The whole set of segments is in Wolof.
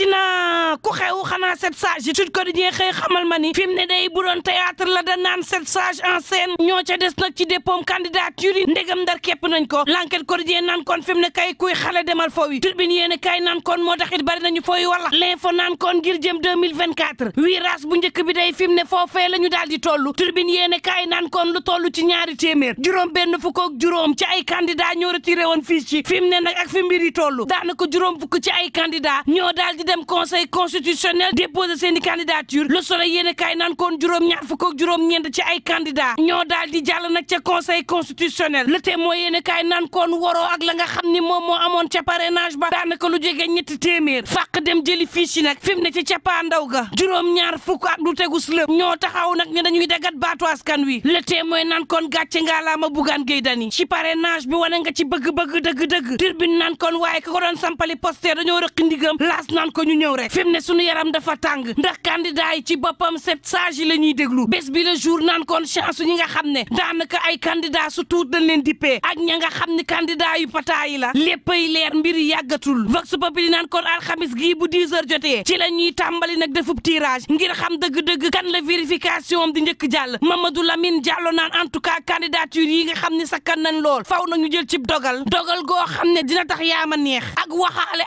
dina ku xew xanaa sept sages Sud Quotidien xëy xamal ma ni fi ne day bu doon théâtre la da naan sept sages en scène ñoo ca des nag ci dépôt candidature yi ndegam ndar képp nañ ko L'Enquête Quotidien naan kon fi mu ne kay kuy xale demal foofu yi Tribune yéen kay naan kon moo tax it bari nañu fooy wala L'Info naan kon ngir jëm 2024 virage bu njëkk bi day fi mu ne foofee la ñu daal di toll Tribune yéen kay naan kon lu toll ci ñaari téeméer juróom benn fukk ak juróom ci ay candidat ñoo retiré woon fii ci fi mu ne nag ak fi mbir yi toll daanaka juróom fukk ci ay candidat ñoo dem conseil constitutionnel déposé seeni candidature le soleil yéen a kaay naan koon juróom-ñaar fukk ak juróom-ñeent ci ay candidat ñoo daal di jàll nag ca conseil constitutionnel le témoin yéen a kaay naan koon waroo la nga xam ni moom moo amoon ca parrainage ba daanaka lu jege ñetti téeméer fàq dem jëli fiche yi nag fi mu ne ci cappaandaw ga juróom-ñaar fukk ak lu tegu slëb ñoo taxaw nag ne dañuy dagat baatu askan wi le témoin naan koon gàcce ngaa laa ma bugaan géy dani ci parrainage bi wane nga ci bëgg-bëgg dëgg-dëgg turbine naan koon waaye ka ko ñu ñëw rek fi mu ne suñu yaram dafa tàng ndax candidat yi ci boppam sept sages yi la ñuy déglu bés bi le jour naan kon chance ñi nga xam ne daanaka ay candidat su tuut dañ leen dippee ak ña nga xam ne candidat yu pataa yi la léppay leer mbir yàggatul vox populi naan kon alxamis gii bu 10 heures jote ci la ñuy tàmbali nag defub tirage ngir xam dëgg-dëgg kan la vérification am di njëkk jàll Mamadou Lamine Diallo naan en tout cas candidature yi nga xam ne sakkan nañ lool faw na ñu jël ci dogal dogal goo xam ne dina tax yaama neex ak waxaale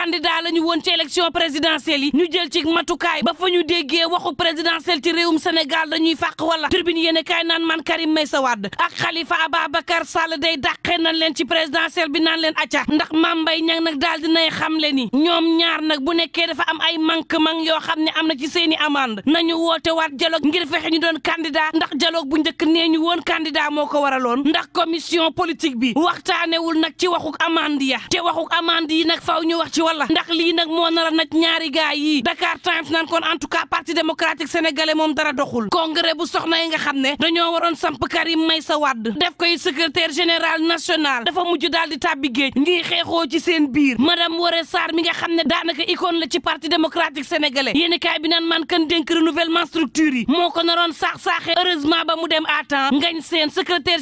candidat la ñu woon ci élection présidentielle yi ñu jël ci matukaay ba fa ñu déggee waxu présidentielle ci réewum Sénégal dañuy fàq wala tribune yéene kaay naan man Karim Meïssa Wade ak Khalifa Ababacar Sall day dàqee nañ leen ci présidentielle bi naan leen acca ndax Mame Mbaye Niang nag daal dinay le ni ñoom ñaar nag bu nekkee dafa am ay manquement yoo xam ne am na ci seeni amande nañu woote waat dialogue ngir fexe ñu doon candidat ndax dialogue bu njëkk nee ñu woon candidat moo ko waraloon ndax commission politique bi waxtaanewul nag ci waxuk amande ya te yi nag ñu wax ci wala ndax lii nag moo nar a naj ñaari gaay yi Dakar Times naan kon en tout cas parti démocratique sénégalais moom dara doxul congrès bu soxna yi nga xam ne dañoo waroon samp Karim Meïssa Wade def koy secrétaire général national dafa mujj daal di géej ngir xeexoo ci seen biir madame Woré Sarr mi nga xam ne daanaka icône la ci parti démocratique sénégalais yéen kaay man kan dénk renouvellement structure yi moo ko naroon saax saaxee heureusement ba mu dem à temps ngañ seen secrétaire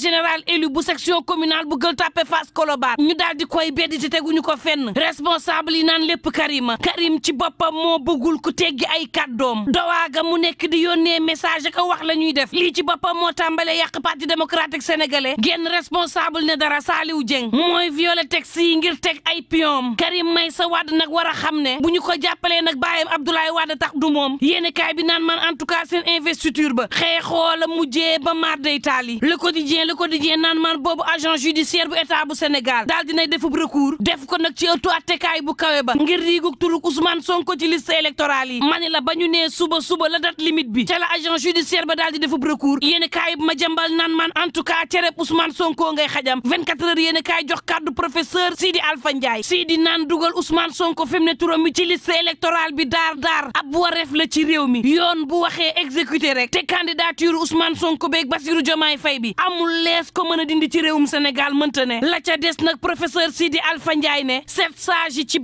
yi naan lépp Karima Karim ci boppam moo bëggul ku teggi ay kàddoom dowaaga mu nekk di yónnee message ka wax la ñuy def lii ci boppam moo tàmbalee yàq parti démocratique sénégalais genn responsable ne dara Saliou Dieng mooy violé texte yi ngir teg ay pion may sa Wade nag war a xam ne bu ñu ko jàppalee nag bàyyam Abdoulaye Wade tax du moom yéeni kaay bi naan man en tout cas seen investiture ba xeexoo la mujjee ba maar day taali le quotidien le quotidien naan man boobu agent judiciaire bu état bu Sénégal daal dinay defub recours ko nag kawe ba ngir riiguk turuk Ousmane Sonko ci liste électorale yi mani la ba ñu nee suba suba la date limite bi ca agent judiciaire ba daal di defub recours yéeni kaay ma jambal naan man en cereb Ousmane Sonko ngay xajam 24 heures yéeni kaay jox kàddu professeur Sidi Alpha Ndiaye Sidi naan dugal Ousmane Sonko fi ne turam mi ci liste électorale bi daar daar ab wareef la ci réew mi yoon bu waxee exécuté rek te candidature Ousmane Sonko beeg Bassirou Diomaye Faye bi amul lees ko mën a dindi ci réewum Sénégal mënta ne la ca des nag professeur Sidi Alpha Ndiaye ne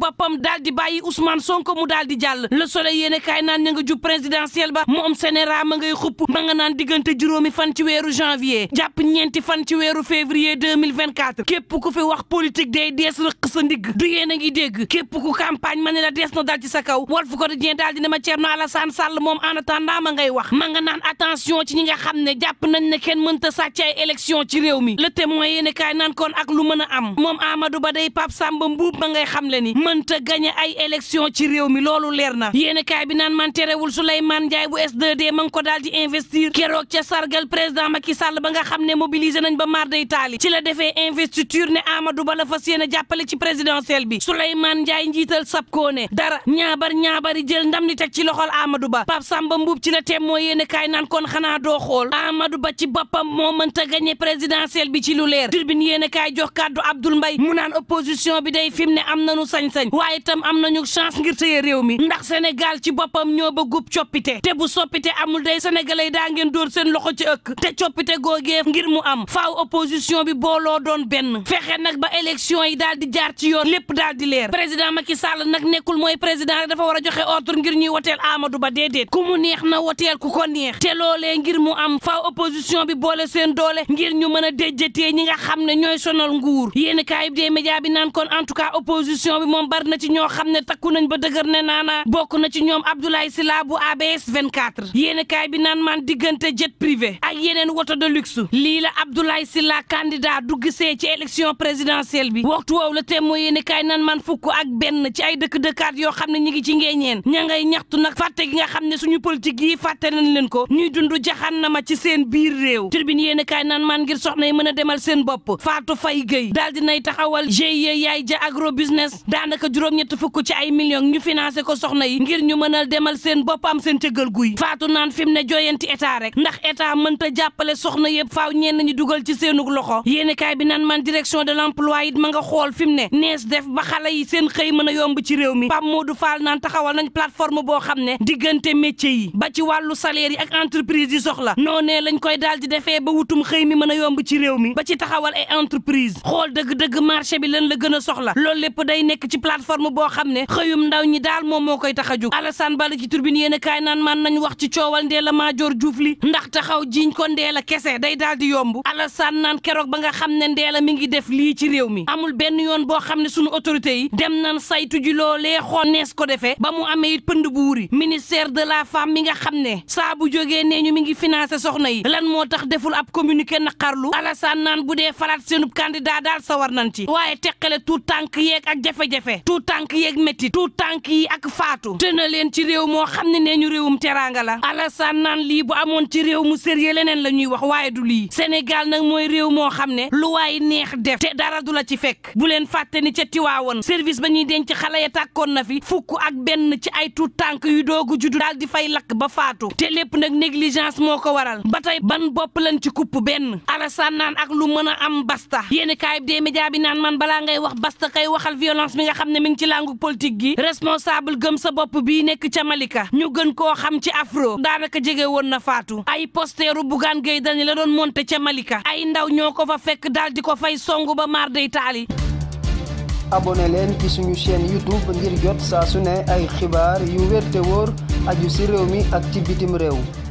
bappam daal di bàyyi Ousmane Sonko mu daal di jàll le soleil yéene kaay naan ña nga jub présidentiel ba moom sénéra ma ngay xupp ma nga naan diggante juróomi fan ci weeru janvier jàpp ñeenti fan ci weeru février 2024 képp ku fi wax politique day dees rëq sa ndigg du yéen a ngi dégg képp ku campagne ma ne la dees na dal ci sa kaw ko Quotidien daal di ne ma Thierno Alassane Sall moom en attendant ma ngay wax ma nga naan attention ci ñi nga xam ne jàpp nañ ne kenn mënta sàcc ay élection ci réew mi le témoin yéene kaay naan ak lu mën a am moom Amadou Ba day Pape Samba Mbuub ma ngay xam le ni mënta gañe ay élection ci réew mi loolu leer na yéen kaay bi naan man terewul Souleymane ma ngi ko daal di investir keroog ca sargal président Macky Sall ba nga xam ne mobiliser nañ ba maar day taali ci la defee investiture ne Amadou Ba la fas yéene jàppale ci présidentielle bi Souleymane Ndiaye njiital sapkoo ne dara ñaabar ñaabari jël ndam li teg ci loxol Amadou Ba Pape Samba Mboup ci la tem moo yéene kaay kon xanaa doo xool Amadou Ba ci boppam moo mënta gañe présidentielle bi ci lu leer tribune yéene kaay jox kàddu Abdoul Mbaye mu naan opposition bi day fim ne am nanu sañ waaye tam am nañu chance ngir téye réew mi ndax Sénégal ci boppam ñoo bëggub coppite te bu soppite amul day sénégalais daa ngeen dóor seen loxo ci ëkk te coppite googee ngir mu am faaw opposition bi booloo doon benn fexe nag ba élection yi daal di jaar ci yoon lépp daal di leer président Macky Sall nag nekkul mooy président dafa war a joxe ordre ngir ñuy woteel Amadou Ba déedéet ku mu neex na woteel ku ko neex te loolee ngir mu am faaw opposition bi boole seen doole ngir ñu mën a déjjatee ñi nga xam ne ñooy sonal nguur yéen kaayib dee média bi naan kon en tout cas opposition bi moom bari na ci ñoo xam ne takku nañ ba dëgër ne naana bokk na ci ñoom Abdoulaye Sylla bu ABS 24 yéenekaay bi naan maan diggante jet privé ak yeneen woto de luxe lii la Abdoulaye Sylla candidat du gisee ci élection présidentielle bi waxtu woowu la Témoin yéenekaay nan man fukk ak benn ci ay dëkk-dëkkaat yoo xam ne ñi ngi ci ngéeñeen ña ngay ñaxtu nag fàtte gi nga xam ne suñu politique yi fàtte nañ leen ko ñuy dund jaxan na ma ci seen biir réew Tribune yéenekaay nan man ngir soxna yi mën a demal seen bopp Fatou Faye Gueye daal dinay taxawal GIE yaay ja agro business daanaka juróom-ñett fukk ci ay millions ñu financé ko soxna yi ngir ñu mënal demal seen boppam am seen cëggal guy faatu naan fi mu ne jooyanti état rek ndax état mënta jàppale soxna yëpp faaw ñenn ñu dugal ci seenug loxo yéenekaay bi nan man direction de l'emploi it ma nga xool fi mu ne nees def ba xale yi seen xëy mën a yomb ci réew mi Pam Modou Fall naan taxawal nañ plateforme boo xam ne diggante métier yi ba ci wàllu salaire yi ak entreprise yi soxla noonee lañ koy daal di defee ba wutum xëy mi mën a yomb ci réew mi ba ci taxawal ay entreprise xool dëgg-dëgg marché bi lan la gën a soxla plateforme boo xam ne xëyum ndaw ñi daal moom moo koy tax a jóg Alassane Bala ci turbine yéen a kaay naan man nañ wax ci coowal Ndella Madior Diouf li ndax taxaw jiiñ ko Ndella kese day daal di yomb Alassane naan keroog ba nga xam ne Ndella mi ngi def lii ci réew mi amul benn yoon boo xam ne sunu autorité yi dem nan saytu ji loolee xool nees ko defee ba mu amee it pënd bu wuri ministère de la femme mi nga xam ne saa bu jógee nee ñu mi ngi financé soxna yi lan moo tax deful ab communiqué naqarlu Alassane naan bu dee falaat seenu candidat daal sawar nan ci waaye teqale tuut tànk yeeg ak jafe tout tànk yeeg métti tànk yi ak faatu te leen ci réew moo xam ne nee ñu réewum teraanga la Alassane naan lii bu amoon ci réew mu sérieux leneen la ñuy wax waaye du lii Sénégal nag mooy réew moo xam ne lu waaye neex def te dara du la ci fekk bu leen fàtte ni ca Tiwaawoon service ba ñuy denc xale ya tàkkoon na fi fukk ak benn ci ay tout tànk yu doogu juddu daal di fay lakk ba faatu te lépp nag négligence moo ko waral ba tey ban bopp lañ ci kupp benn Alassane naan ak lu mën a am basta yéen kaay bi dee bi naan man balaa ngay wax basta kay waxal violence bi nga xam ne mi ngi ci làngu politique gi responsable gëm sa bopp bii nekk ca Malika ñu gën koo xam ci afro daanaka jege woon na faatu ay posteeru Bougane Gueye Dany la doon monté ca Malika ay ndaw ñoo ko fa fekk daal di ko fay songu ba maar day taali abonné leen ci suñu chaîne youtube ngir jot saa su ne ay xibaar yu wér te wóor aju si réew mi ak ci bitim réew